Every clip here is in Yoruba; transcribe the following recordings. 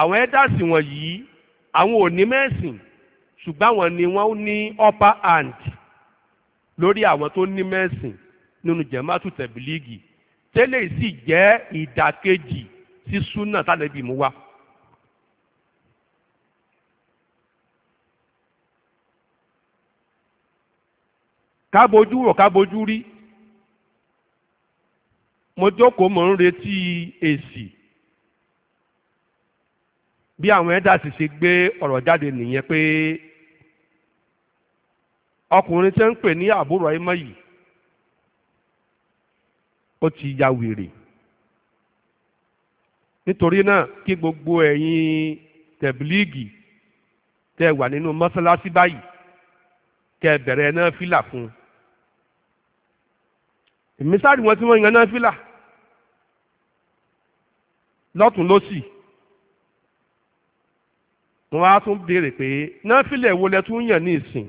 àwọn ẹ́dàsì wọ̀nyí àwọn ò ní mẹ́sìn ṣùgbọ́n àwọn ni wọ́n ní upper hand lórí àwọn tó ní mẹ́sìn nínú jẹ̀mátù tẹ̀bílíìgì tẹ́lẹ̀ sì jẹ́ ìdàkejì sí súnà tálẹ́bì mú wá. kábojú rò kábojú rí mo jókòó mò ń retí èsì. E si bí àwọn ẹ̀dá sì ṣe gbé ọ̀rọ̀ jáde nìyẹn pé ọkùnrin tí ń pè ní àbúrò ẹ̀mọ́ yìí ó ti ya wèrè nítorí náà kí gbogbo ẹ̀yin tẹ̀bílíìgì tẹ́ wà nínú mọ́sálásí báyìí kẹ́ bẹ̀rẹ̀ náà fìlà fún un èmi wọn tí wọ́n yan náà fìlà lọ́tún lọ́sì wọ́n á tún béèrè pé náfìlà wo lẹ tún yàn ní ìsìn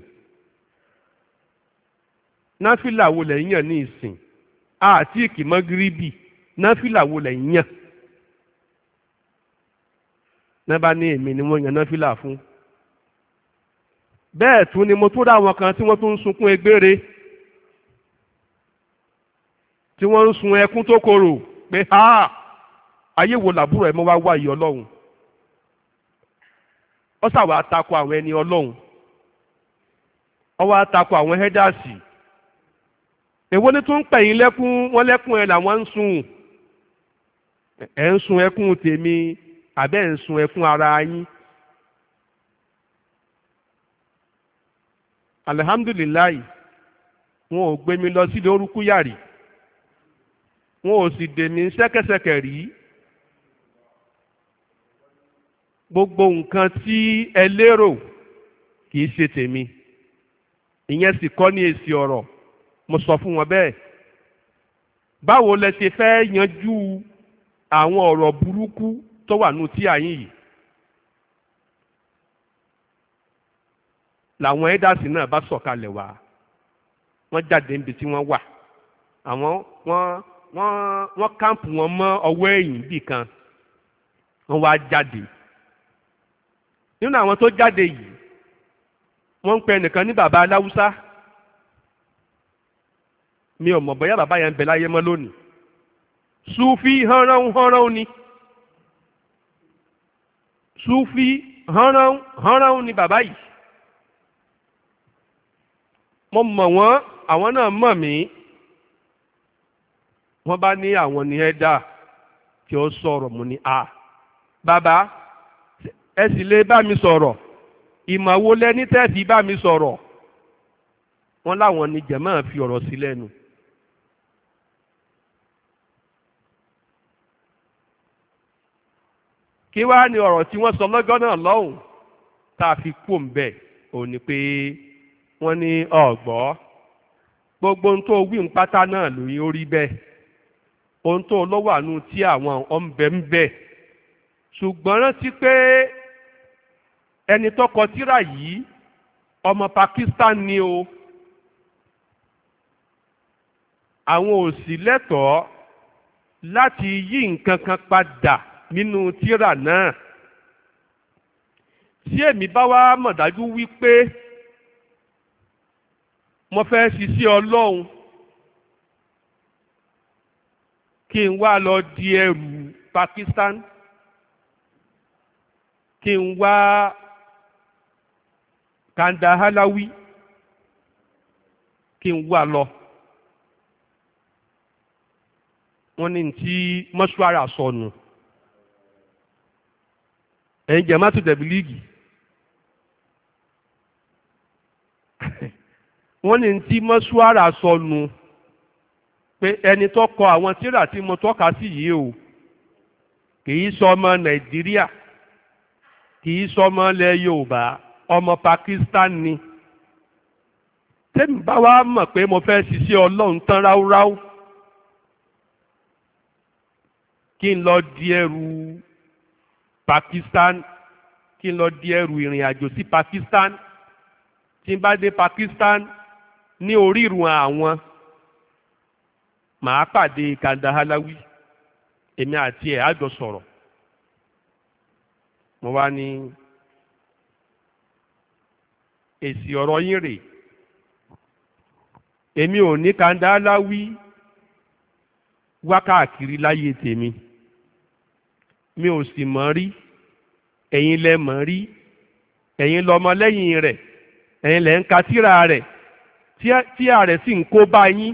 náfìlà wo lẹ yàn ní ìsìn àti ìkìmọ́ gíríbì náfìlà wo lẹ yàn náà bá ní èmi ni wọ́n yàn náfìlà fún bẹ́ẹ̀ tún ni mo tó dá wọn kan tí wọ́n tún ń sunkún egbére tí wọ́n ń sun ẹkún tó korò pé ha ayé wo làbúrò ẹ̀ mọ́ wá wá ọlọ́run ó ṣàwà àtakò àwọn ẹni ọlọ́run ó wá àtakò àwọn hẹ́dàsì èwo ni tó ń pẹ̀yìn lẹ́kún wọ́n lẹ́kún ẹ làwọn ń sùn ẹ̀ ń sun ẹkún tèmi àbẹ́ ń sun ẹkún ara yín. alihamdulilayi wọn ò gbé mi lọ sí lórúkú yàrí wọn ò sì dè mí ṣẹ́kẹ́ṣẹkẹ̀ rí. gbogbo nǹkan tí ẹ lérò kì í ṣe tèmi ìyẹn sì kọ́ ní èsì ọ̀rọ̀ mo sọ fún wọn bẹ́ẹ̀ báwo lẹ ṣe fẹ́ yanjú àwọn ọ̀rọ̀ burúkú tó wà nù tí àyìn yìí làwọn ẹ́dàsì náà bá sọ̀kalẹ̀ wá wọ́n jáde níbi tí wọ́n wà àwọn wọ́n wọ́n wọ́n káàmpù wọn mọ́ ọwọ́ ẹ̀yìn bì wọ́n wá jáde nínú àwọn tó jáde yìí wọ́n ń pe ẹnìkan ní bàbá aláwúsá mi ò mọ̀ bóyá bàbá yẹn ń bẹ láyé mọ́ lónìí sufi hánrán hánrán ni sufi hánrán hánrán ni bàbá yìí mo mọ̀ wọ́n àwọn náà mọ̀ mí wọ́n bá ní àwọn ní ẹ̀dá tí ó sọ̀rọ̀ mu ní a bàbá ẹ sì lè bá mi sọ̀rọ̀ ìmọ̀ wo lẹni tẹ́ fi bá mi sọ̀rọ̀ wọ́n láwọn ni jẹ̀mọ́ fi ọ̀rọ̀ sí lẹ́nu. kí wàá ní ọ̀rọ̀ tí wọ́n sọ lọ́gọ́ náà lọ́hùn tá a fi kú ńbẹ̀ òun ni pé wọ́n ní ọ̀gbọ́ gbogbo ohun tó wí pátá náà lóyún ó rí bẹ́ẹ̀ ohun tó lọ́wọ́ àánú tí àwọn ọ̀nbẹ̀ ń bẹ̀ ṣùgbọ́n rántí pé ẹni tó kọ tírà yìí ọmọ Pakistan ni o àwọn ò sì lẹ́tọ̀ọ́ láti yí nǹkan kan padà nínú tírà náà tí èmi bá wá mọ̀ dájú wípé mo fẹ́ ṣiṣẹ́ ọlọ́run kí n wá lọ di ẹrù Pakistan kí n wá halawi kí n wà lọ wọn ní tí mọ́ṣúárà sọnù ẹ̀yin jẹ́ mátò dẹ̀bí wọn wọ́n ní tí sọ nù pé ẹni tó àwọn tíra tí mo tọ́ka sí yìí o kì í sọ ọmọ nàìjíríà kì í sọ ọmọ ilẹ̀ yorùbá. ọmọ Pakistan ni tẹ́mi bá wá mọ̀ pé mo fẹ́ ṣiṣẹ́ ọlọ́run tán ráúráú kí n lọ di ẹrù Pakistan kí n lọ di ẹrù ìrìn àjò sí Pakistan tí n bá dé Pakistan ní orírun àwọn màá pàdé Kandahalawi èmi àti ẹ̀ àjọ sọ̀rọ̀ mo wá ní èsì ọ̀rọ̀ yín rèé èmi ò ní kandáláwí wá káàkiri láyé tèmi mi ò sì mọ̀ rí ẹ̀yin lẹ mọ̀ rí ẹ̀yin lọmọ lẹ́yìn rẹ̀ ẹ̀yin lẹ ń ka tírà rẹ̀ tíà rẹ̀ sì ń kó bá yín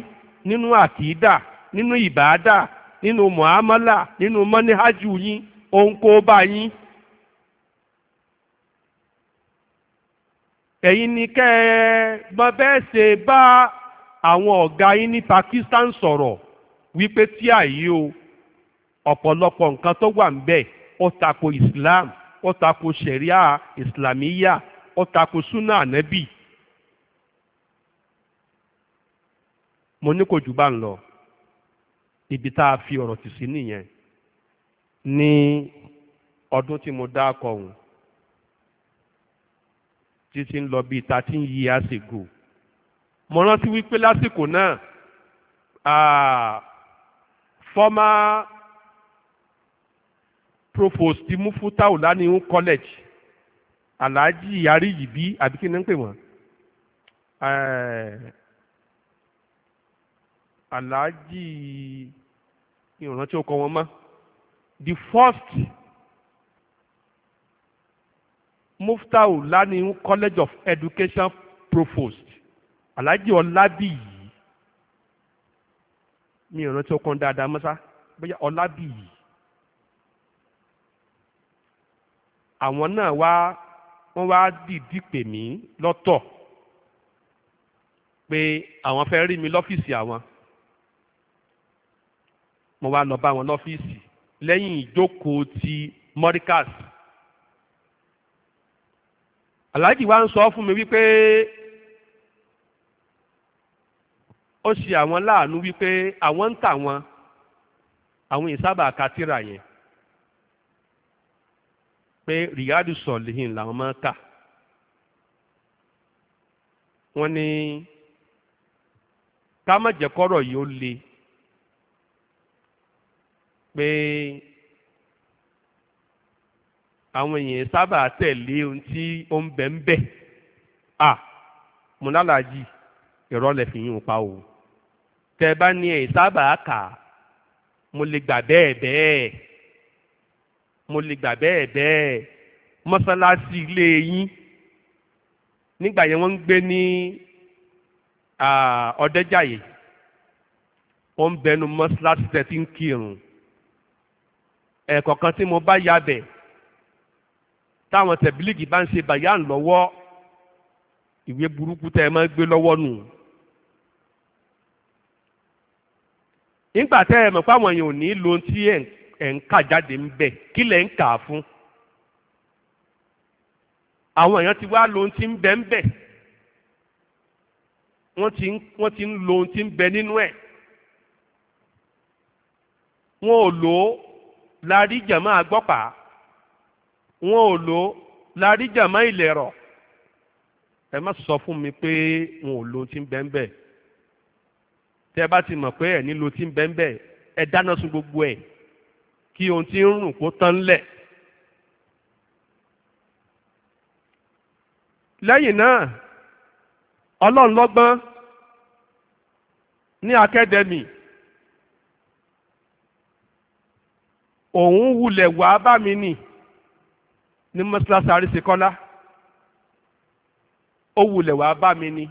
nínú àkìdá nínú ìbádà nínú mọ̀ámálà nínú mọ́níhájú yín ó ń kó bá yín. ẹ̀yin ni kẹ́ ẹ mọ bẹ́ẹ̀ ṣe bá àwọn ọ̀gá yín ní Pakistan sọ̀rọ̀ wípé tí àyè o ọ̀pọ̀lọpọ̀ nǹkan tó wà ń bẹ̀ ó tako Islam ó tako ṣẹ̀ríà Islamiyya ó tako súnà ànábì mo ní kò jù bá ń lọ ibi tá a fi ọ̀rọ̀ tì sí nìyẹn ní ọdún tí mo dá akọ̀hún tí ti ń lọ bíi thirteen years ago mo rántí wípé lásìkò náà former provost ti Mufutau Laniun college Alhaji Ariyibi àbí kí ni ń pè wọ́n Alhaji ìrántí ọkọ wọn mọ́ the first muftau lani college of education provost alhaji ọlábíyì mi ò rántí ọkàn dáadáa mọ́sá bóyá ọlábíyì àwọn náà wá wọ́n wá dìídì pè mí lọ́tọ̀ pé àwọn fẹ́ rí mi lọ́fíìsì àwọn mo wá lọ bá wọn lọ́fíìsì lẹ́yìn ìjókòó ti mọ́ríkàsì aláàjì wa ń sọ fún mi wípé ó ṣe àwọn láàánú wípé àwọn ń tà wọn àwọn ìsábà katira yẹn pé riyadu sọlihin làwọn máa kà wọ́n ní ká má jẹ́ kọ́rọ̀ yìí ó le pé àwọn èèyàn sábà tẹ̀lé ohun tí ó ń bẹ̀ ń bẹ̀ à mo lálàájì ìrọ̀lẹ́ fi yín pa o tẹ́ bá ní ẹ̀ sábà kà mo lè gbà bẹ́ẹ̀ bẹ́ẹ̀ mo lè gbà bẹ́ẹ̀ bẹ́ẹ̀ mọ́sálásí ilé yín nígbà yẹn wọ́n ń gbé ní ọ̀dẹ́jàyè wọ́n ń bẹnu mọ́sálásí tẹ̀ tí ń kírun ẹ̀ẹ̀kọ̀kan tí mo bá yabẹ̀ táwọn tẹ̀bílìgì bá ń ṣe bàyán lọ́wọ́ ìwé burúkú tẹ́ ẹ máa ń gbé lọ́wọ́ nù. nígbà tẹ́ ẹ mọ̀ páwọn èèyàn ò ní lo ohun tí ẹ̀ ń kà jáde ń bẹ̀ kí lẹ̀ ń kà á fún. àwọn èèyàn ti wá lo ohun tí ń bẹ ń bẹ̀ wọ́n ti ń lo ohun tí ń bẹ nínú ẹ̀ wọn ò lò ó la rí jàmáà gbọ́pàá wọn ò lò larí jàmá ìlẹ̀rọ̀ ẹ má sọ fún mi pé wọn ò lò tí ń bẹ́ẹ̀ bẹ́ẹ̀ tẹ́ bá ti mọ̀ pé ẹ̀ nílò tí ń bẹ́ẹ̀ bẹ́ẹ̀ ẹ dáná sun gbogbo ẹ̀ kí ohun tí ń rùn kó tán lẹ̀. lẹ́yìn náà ọlọ́run ní akẹ́dẹ́mì òun wulẹ̀ wá bá mi nì ní mọ́ṣáláṣí àríṣekọ́lá ó wulẹ̀ wá bá mi ni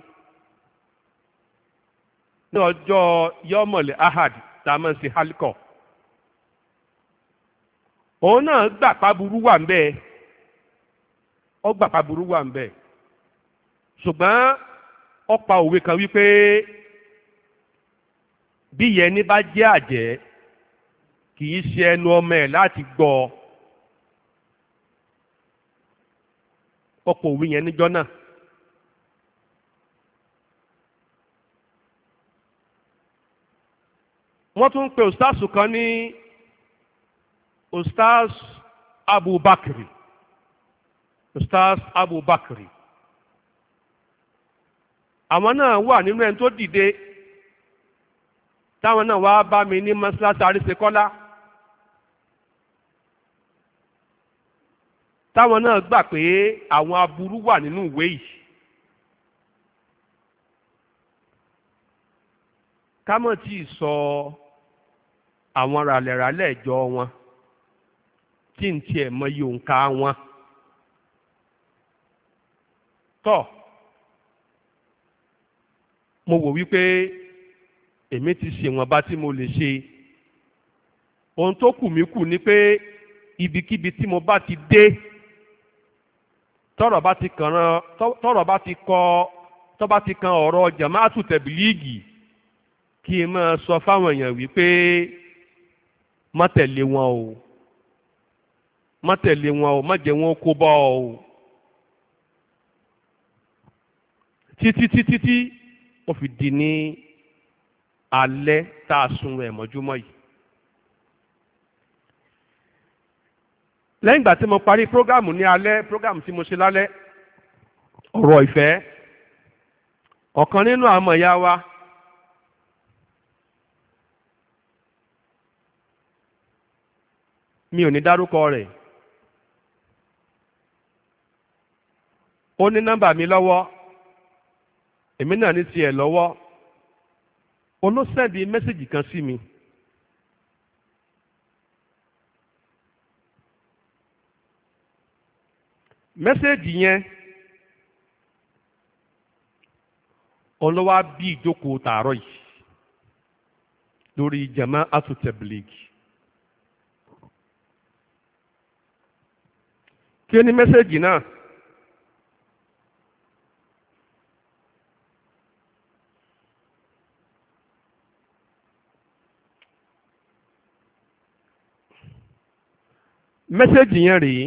ní ọjọ́ yọmọ̀lẹ̀ ahad tá a máa ń ṣe halkọ̀ òun náà gbà paburú wà ń bẹ́ẹ̀ ó gbà paburú wà ń bẹ́ẹ̀ ṣùgbọ́n ó pa òwe kan wípé bí yẹni bá jẹ́ àjẹ́ kì í ṣe ẹnu ọmọ ẹ̀ láti gbọ́ ọ. ọ̀pọ̀ òwe yẹn níjọ́ náà. wọ́n tún ń pe ustaz kan ní ustaz abubakar ustaz abubakar àwọn náà wà nínú ẹni tó dìde táwọn náà wá bá mi ní mọ́ṣáláṣí àríṣekọ́lá. táwọn náà gbà pé àwọn aburú wà nínú ìwé yìí kámọ̀ tí ì sọ àwọn ràlẹ̀ràlẹ̀ ìjọ wọn tí ń tiẹ̀ mọ iye òǹkà wọn tọ́ mo wò wípé èmi ti ṣèwọ̀nba tí mo lè ṣe ohun tó kù mí kù ni pé ibikíbi tí mo bá ti dé tọ́rọ̀ bá ti kàn án tọ́rọ̀ bá ti kọ tó bá ti kan ọ̀rọ̀ jamaatu tẹ̀bílíìgì kí n máa sọ fáwọn èèyàn wípé má tẹ̀lé wọn o má tẹ̀lé wọn o má jẹ́ wọn kó bọ́ o títí títí tí ó fi di ní alẹ́ tá a sun ẹ̀mọ́júmọ́ yìí. lẹ́yìn ìgbà tí mo parí prógámù ní alẹ́ prógámù tí mo ṣe lálẹ́ ọ̀rọ̀ ìfẹ́ ọ̀kan nínú àmọ̀ ìyá wa mi ò ní dárúkọ rẹ̀ ó ní nọ́mbà mi lọ́wọ́ èmi náà ní tiẹ̀ lọ́wọ́ ó mẹ́sẹ̀gì kan sí mi. mẹ́sẹ̀gì yẹn ọlọ́wà bí ìjókòó tààrọ̀ yìí lórí jama atutẹ̀bìlìkì kí ni mẹ́sẹ̀gì náà mẹ́sẹ̀gì yẹn rèé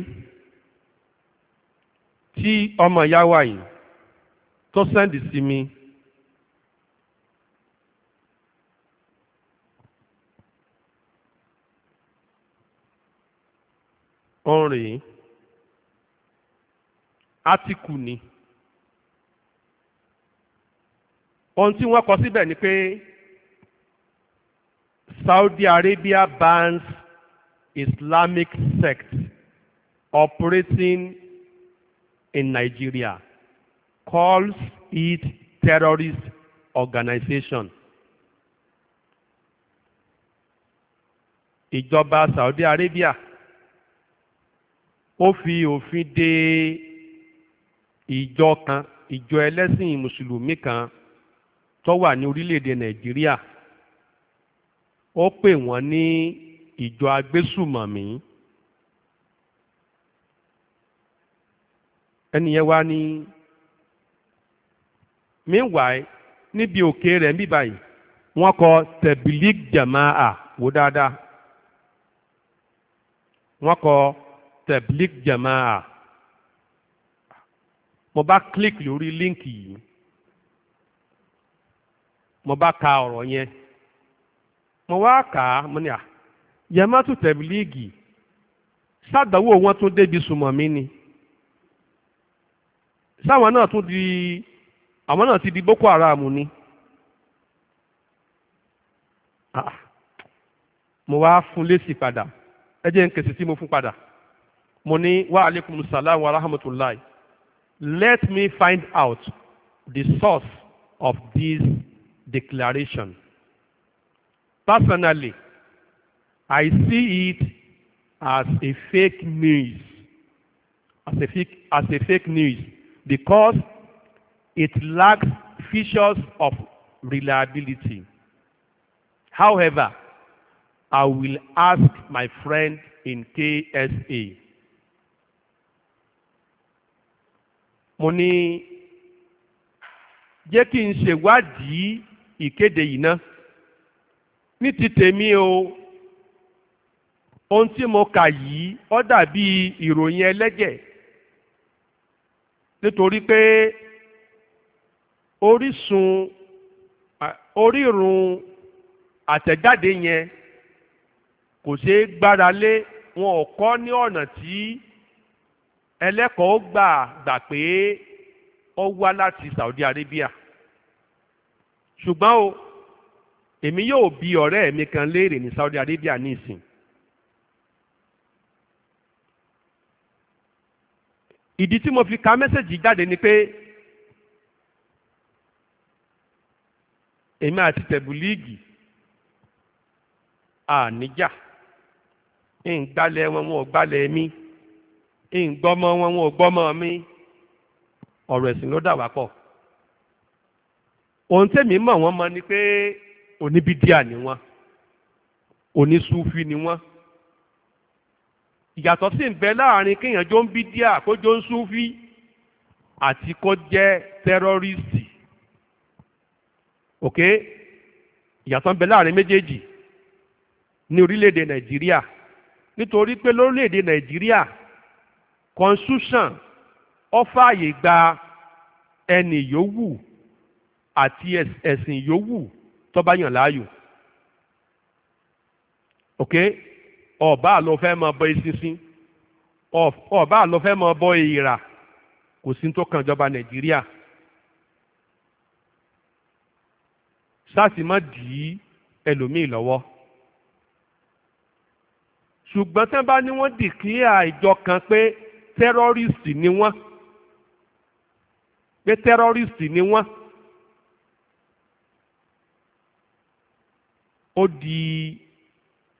tí ọmọ ìyá wa yìí tó sẹ́ndì sí mi ọ̀rìn átíkù ni ohun tí wọ́n kọ síbẹ̀ ni pé Saudi Arabia bans Islamic sect operating in Nigeria calls it terrorist organization. Ìjọba Saudi Arabia ó fi òfin de ìjọ kan ìjọ ẹlẹ́sìn mùsùlùmí kan tó wà ní orílẹ̀-èdè Nàìjíríà ó pè wọ́n ní ìjọ agbésùmọ̀mí. ẹnìyẹn wá ní meanwhile níbi òkè rẹ̀ ń bí báyìí wọ́n kọ tẹ̀bílík jamaa wò dáadáa wọ́n kọ tẹ̀bílík jamaa mo bá click lórí líǹkì yìí mo bá ka ọ̀rọ̀ yẹn mo wá kà á mo ní à ah, yamatu tẹ̀bílíkì sádàwó wọn tún débi sùmọ̀ mi ni sáwọn náà tún di àwọn náà ti di Boko Haram ni ah, mo wá fún lésì padà ẹ jẹ́ n tí mo fún padà mo ní wa aleykum wa rahmatulahi let me find out the source of this declaration. Personally, I see it as a fake news, as a fake, as a fake news because it lacks features of reliability. However, I will ask my friend in KSA. Mo ní jẹ́ kí n ṣèwádìí ìkéde yìí ná. Ní ti tèmi o, ohun tí mo kà yìí ó dàbí ìròyìn ẹlẹ́jẹ̀ nítorí pé orísun orírun àtẹ̀jáde yẹn kò ṣeé gbára lé wọn ò kọ́ ní ọ̀nà tí ẹlẹ́kọ̀ọ́ gbà gbà pé ó wá láti Saudi Arabia ṣùgbọ́n o èmi yóò bi ọ̀rẹ́ mi kan léèrè ní Saudi Arabia ní ìsìn ìdí tí mo fi ka mẹ́sẹ̀jì jáde ni pé èmi àti tẹ̀bùlíìgì àníjà ń gbálẹ̀ wọn wọn ò gbálẹ̀ mi ń gbọ́mọ wọn wọn ò gbọ́mọ mi ọ̀rọ̀ ẹ̀sìn ló dà wá pọ̀ ohun tẹ́mi mọ̀ wọ́n mọ̀ ni pé oníbídíà ni wọ́n onísúfí ni wọ́n ìyàtọ̀ sì ń bẹ láàrin kéèyàn jó ń bí díà kó jó ń súnfí àti kó jẹ́ tẹ́rọ́rìsì ok ìyàtọ̀ ń bẹ láàrin méjèèjì ní orílẹ̀-èdè nàìjíríà nítorí pé lórílẹ̀-èdè nàìjíríà constitution ó gba ẹnì yòówù àti ẹ̀sìn yòówù tó yàn láàyò ok ọba àlọ́ fẹ́ máa bọ eṣinṣin ọba àlọ́ fẹ́ máa bọ èèrà kò sí tó kan ìjọba nàìjíríà sáàsì má dì í ẹlòmíì lọ́wọ́ ṣùgbọ́n tẹ́ bá ní wọ́n dìkíyà ìjọ kan pé tẹ́rọ́rìsì ni wọ́n pé tẹ́rọ́rìsì ni wọ́n ó di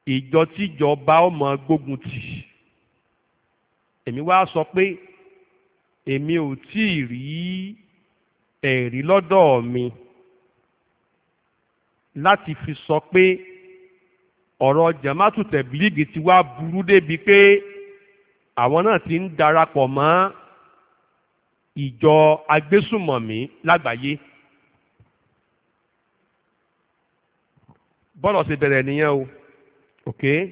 ìjọ tíjọba ọmọ gbógun tì èmi wá sọ pé èmi ò tí ì rí ẹ̀rí lọ́dọ̀ mi láti fi sọ pé ọ̀rọ̀ jamatu tẹ̀bílíìgì ti wá burú débi pé àwọn náà ti ń darapọ̀ mọ́ ìjọ agbésùmọ̀mí lágbàáyé. bọ́lọ̀ ṣe bẹ̀rẹ̀ nìyẹn o okay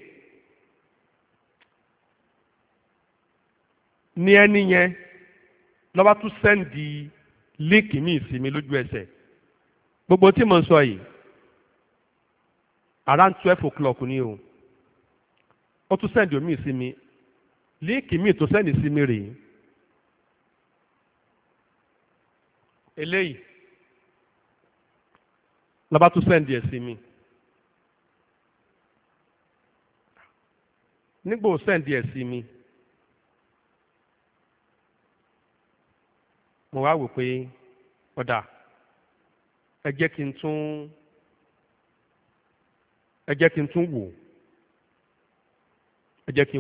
ní ẹni yẹn lọ́ba tún sẹ́ǹdì líǹkì míì sí mi lójú ẹsẹ̀ gbogbo tí mo ń sọ yìí around twelve o'clock ni o ó tún sẹ́ǹdì omi sí mi líǹkì míì tó sẹ́ǹdì sí mi rèé eléyìí lọ́ba tún sẹ́ǹdì ẹ̀ sí mi. nígbò sẹ́ǹdì ẹ̀ sí mi mo wá wò pé ọ̀dà ẹ jẹ́ kí n tún ẹ jẹ́ kí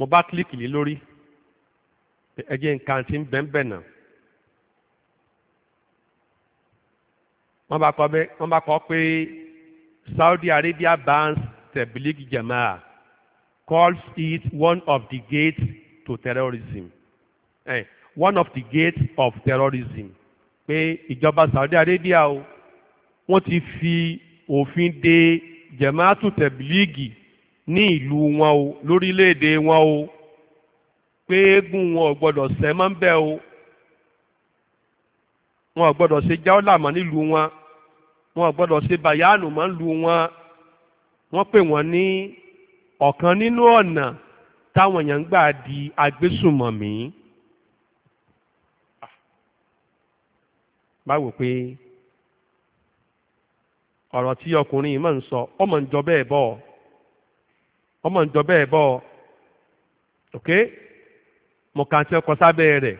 mo bá kílíkì lé lórí ẹ jẹ́ nǹkan tí ń bẹ́ńbẹ̀ náà wọ́n bá kọ bẹ́ wọ́n bá kọ pé Saudi Arabia bans Tabligh Jamaa. calls it one of the gates to terrorism eh, one of the gates of terrorism pé ìjọba Saudi Arabia o wọ́n ti fi òfin de Jama'atu Tabligh ní ìlú wọn o lórílẹ̀ wọn o pé eégún wọn ò gbọ́dọ̀ sẹ́ mọ́ ń bẹ́ o wọn ò gbọ́dọ̀ ṣe jáọ́là nílùú wọn wọn ò gbọ́dọ̀ ṣe bàyáànù mọ́ wọn wọn pè wọn ní ọ̀kan nínú ọ̀nà táwọn èèyàn gbà di agbésùmọ̀mí. báwo pé ọ̀rọ̀ tí ọkùnrin yìí máa ń sọ ọmọ ọmọ ìjọ bẹ́ẹ̀ bọ́ ọ ok mo kà ń tẹ ọkọ sábẹ́ rẹ̀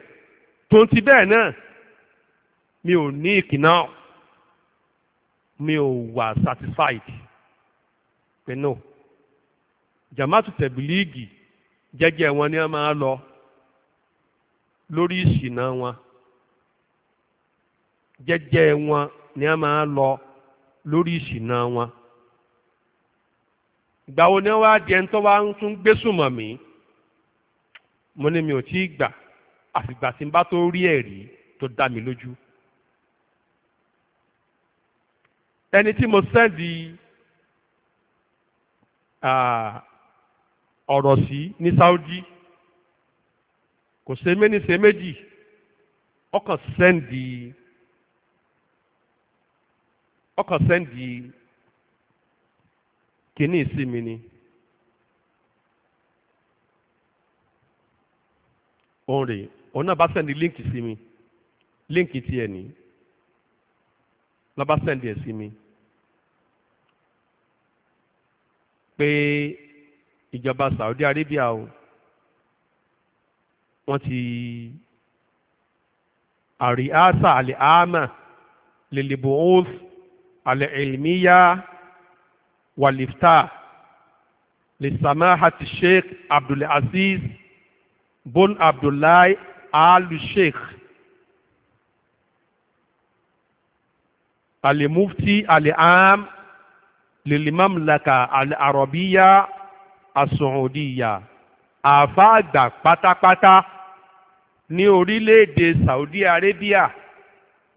tó ń ti bẹ́ẹ̀ náà mi ò ní ìkìnnà mi ò wà satisfied pé no jamaatu tẹ̀bílíìgì jẹ́jẹ́ wọn ni wọ́n máa lọ lórí ìṣìnà wọn jẹ́jẹ́ wọn ni wọ́n máa lọ lórí ìṣìnà wọn ìgbà wo ni wàá di ẹni tó wá ń tún gbé sùnmọ̀ mí mo ní mi ò tí ì gbà àfìgbà tí n bá tó rí ẹ̀rí tó dá mi lójú. ẹni tí mo sẹ́ndì ọ̀rọ̀ sí ní Saudi kò ṣe méní ṣe méjì ọkàn sẹ́ndì ọkàn sẹ́ndì kìíní ìsinmi ni òun rèé òun náà bá sẹ́ndì líǹkì sí mi líǹkì tiẹ̀ ní lọ́ba sẹ́ndì ẹ̀ sí mi pé ìjọba Saudi Arabia o wọ́n ti àríásà àlẹ́ àmà lèlèbò òòf àlẹ́ ẹ̀lmíyá. والإفتاء لسماحة الشيخ عبد العزيز بن عبد الله آل الشيخ المفتي العام للمملكة العربية السعودية àáfàá àgbà pátápátá ní orílẹ̀-èdè Saudi Arabia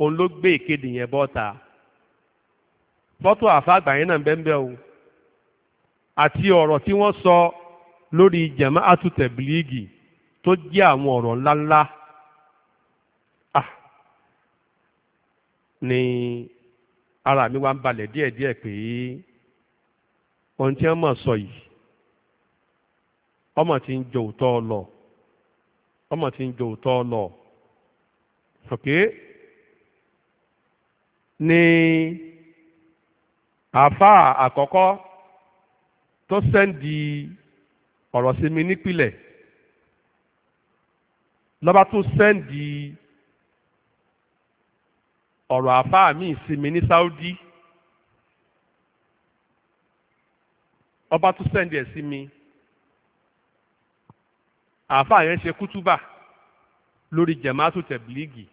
òun ló gbé ìkéde yẹn bọ́ta fọ́tò àáfàá àgbà yẹn náà ń bẹ́ẹ̀ bẹ́ẹ̀ o. àti ọ̀rọ̀ tí wọ́n sọ lórí jama'atu tẹ̀bílíìgì tó jẹ́ àwọn ọ̀rọ̀ ńláńlá ah, ni ara mi wá ń balẹ̀ díẹ̀díẹ̀ pé ohun tí wọ́n sọ yìí ọmọ ń jò ọmọ ń jò lọ ni àáfàá àkọ́kọ́. tó sẹ́ndì ọ̀rọ̀ sí mi nípìlẹ̀ lọ́ba tó sẹ́ndì ọ̀rọ̀ àfáà mi sí mi ní Saudi ọba tó sẹ́ndì ẹ̀ sí mi àfáà yẹn ṣe kútúbà lórí jẹ̀mátù tẹ̀blígì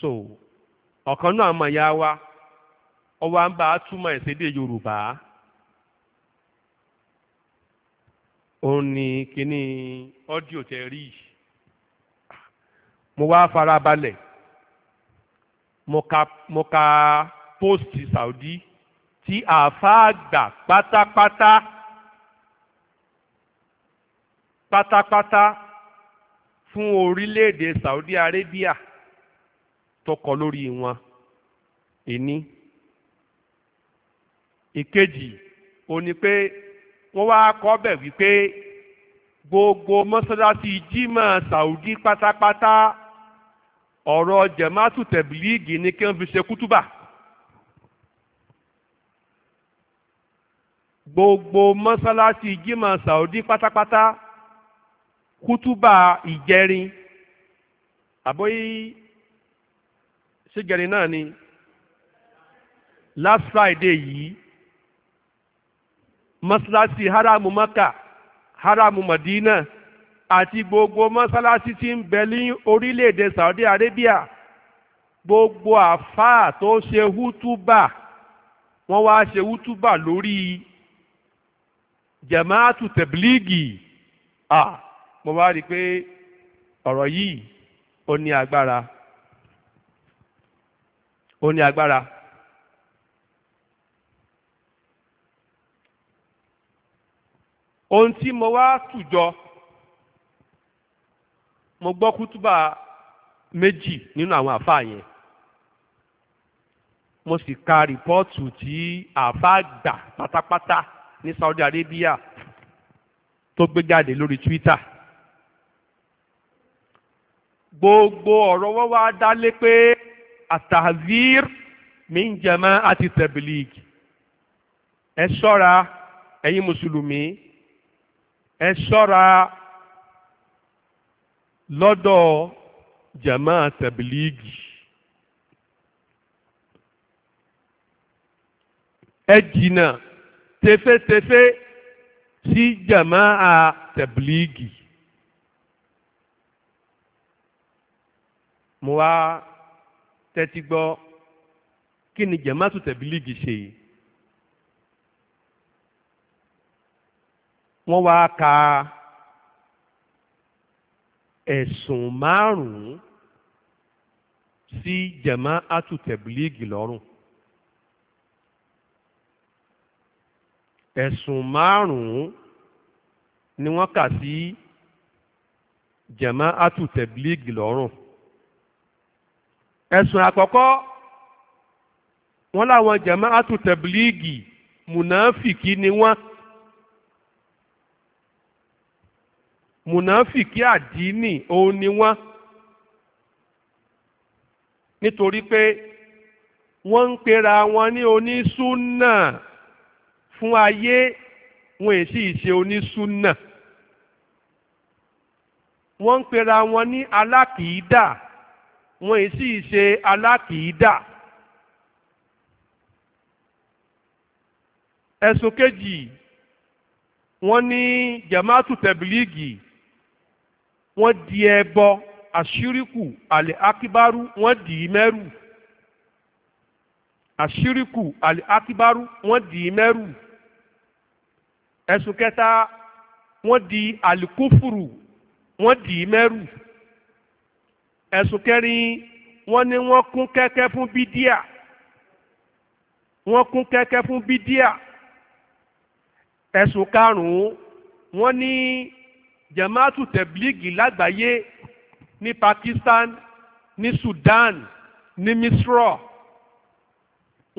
so ọ̀kan náà mọ̀ ya wa ọwọ́ à ń bá a túmọ̀ ẹ̀ sédè Yorùbá òun ni kíní ọ́díò tẹ rí yìí mo wá farabalẹ̀ mo ka mo ka póòsì Saudi tí àáfàá àgbà pátápátá pátápátá fún orílẹ̀-èdè Saudi Arabia tó kọ lórí wọn ẹni. E ìkejì ó ní pé wọ́n wá kọ́ bẹ̀ wípé gbogbo mọ́sálásí jímọ̀ sàwùdí pátápátá ọ̀rọ̀ jẹ̀mátù tẹ̀bílíìgì ni kí wọ́n fi ṣe kútúbà. gbogbo mọ́sálásí jímọ̀ sàwùdí pátápátá kútúbà ìjẹrin àbóyí ṣíjẹrin náà ni last Friday yìí mọ́ṣáláṣí haramu maka haramu madina àti gbogbo mọ́ṣáláṣí tí ń bẹ ní orílẹ̀-èdè saudi arabia gbogbo àfáà tó ṣe hútúbà wọ́n wá ṣe hútúbà lórí jamaatu tẹ̀blígì à mo wá rí i pé ọ̀rọ̀ yìí ó ní agbára ó ní agbára. ohun tí mo wá tùjọ mo gbọ́ kútúbà méjì nínú àwọn àfáà yẹn mo sì ka rìpọ́ọ̀tù tí àfáà gbà pátápátá ní Saudi Arabia tó gbé jáde lórí Twitter gbogbo ọ̀rọ̀ wọn wá dálé pé àtàzír mi ń jẹmọ́ àti tẹ̀bìlìgì ẹ ṣọ́ra ẹ̀yin mùsùlùmí ẹ ṣọ́ra lọ́dọ̀ jama tabiligi ẹ jìnnà tefetefe sí jama tabiligi mo wá tẹ́tí gbọ́ kí ni jama tabiligi ṣe yìí. wọ́n wá ka ẹ̀sùn márùn-ún sí jẹ̀mọ́ àtútẹ̀bílíìgì lọ́rùn. ẹ̀sùn márùn-ún ni wọ́n kà sí jẹ̀mọ́ àtútẹ̀bílíìgì lọ́rùn. ẹ̀sùn àkọ́kọ́ wọ́n láwọn jẹ̀mọ́ àtútẹ̀bílíìgì mùnàfìkì ni wọ́n. mùnàfìkì àdínì òun ni wọ́n nítorí pé wọ́n ń pera wọn ní onísúnà fún ayé wọn è sì ṣe onísúnà wọ́n ń pera wọn ní alákìídà wọn è sì ṣe alákìídà. ẹ̀sùn kejì wọ́n ní jamaatu tẹ̀bílíìgì wọ́n di ẹbọ àṣíríkù àlè akíbárú wọ́n dì í mẹ́rù àṣíríkù àlè akíbárú wọ́n dì í mẹ́rù ẹ̀sùn kẹta wọ́n di àlìkúfùrù wọ́n dì í mẹ́rù ẹ̀sùn kẹrin wọ́n ní wọ́n kún kẹ́kẹ́ fún bídíà wọ́n kún kẹ́kẹ́ fún bídíà ẹ̀sùn karùn-ún wọ́n ní. Ni jamaatu tẹ̀blígì lágbàáyé ní Pakistan ní Sudan ní Misro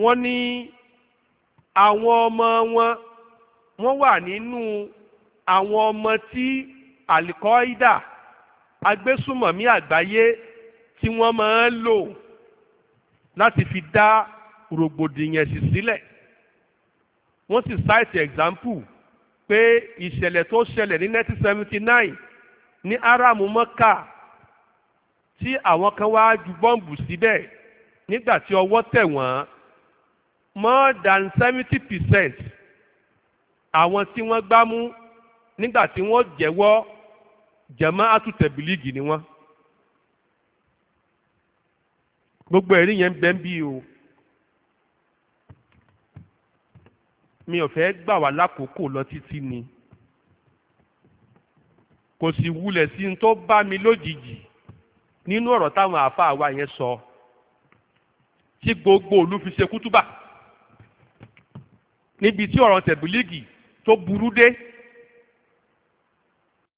wọ́n ní àwọn ọmọ wọn wọ́n wà nínú àwọn ọmọ tí alikọ́ídà agbésùmọ̀mí àgbáyé tí wọ́n máa ń lò láti fi dá rògbòdìyàn sí sílẹ̀ sì cite example pé ìṣẹ̀lẹ̀ tó ṣẹlẹ̀ ní 1979 ní aram mọ́kà tí àwọn kan wá ju bọ́ǹbù síbẹ̀ nígbà tí ọwọ́ tẹ̀ wọ́n more than seventy percent àwọn tí wọ́n gbá mú nígbà tí wọ́n jẹ́wọ́ jẹ̀mọ́ àtútẹ̀bìlìgì ni wọ́n gbogbo ẹ̀rí yẹn bẹ́ẹ̀ bí o. mi ò fẹ́ gbà wá lákòókò lọ títí ni kò sì wulẹ̀ sí n tó bá mi lójijì nínú ọ̀rọ̀ táwọn àáfàá wa yẹn sọ tí gbogbo ìlú fi ṣe kútúbà níbi tí ọ̀rọ̀ tẹ̀bílíìgì tó burú dé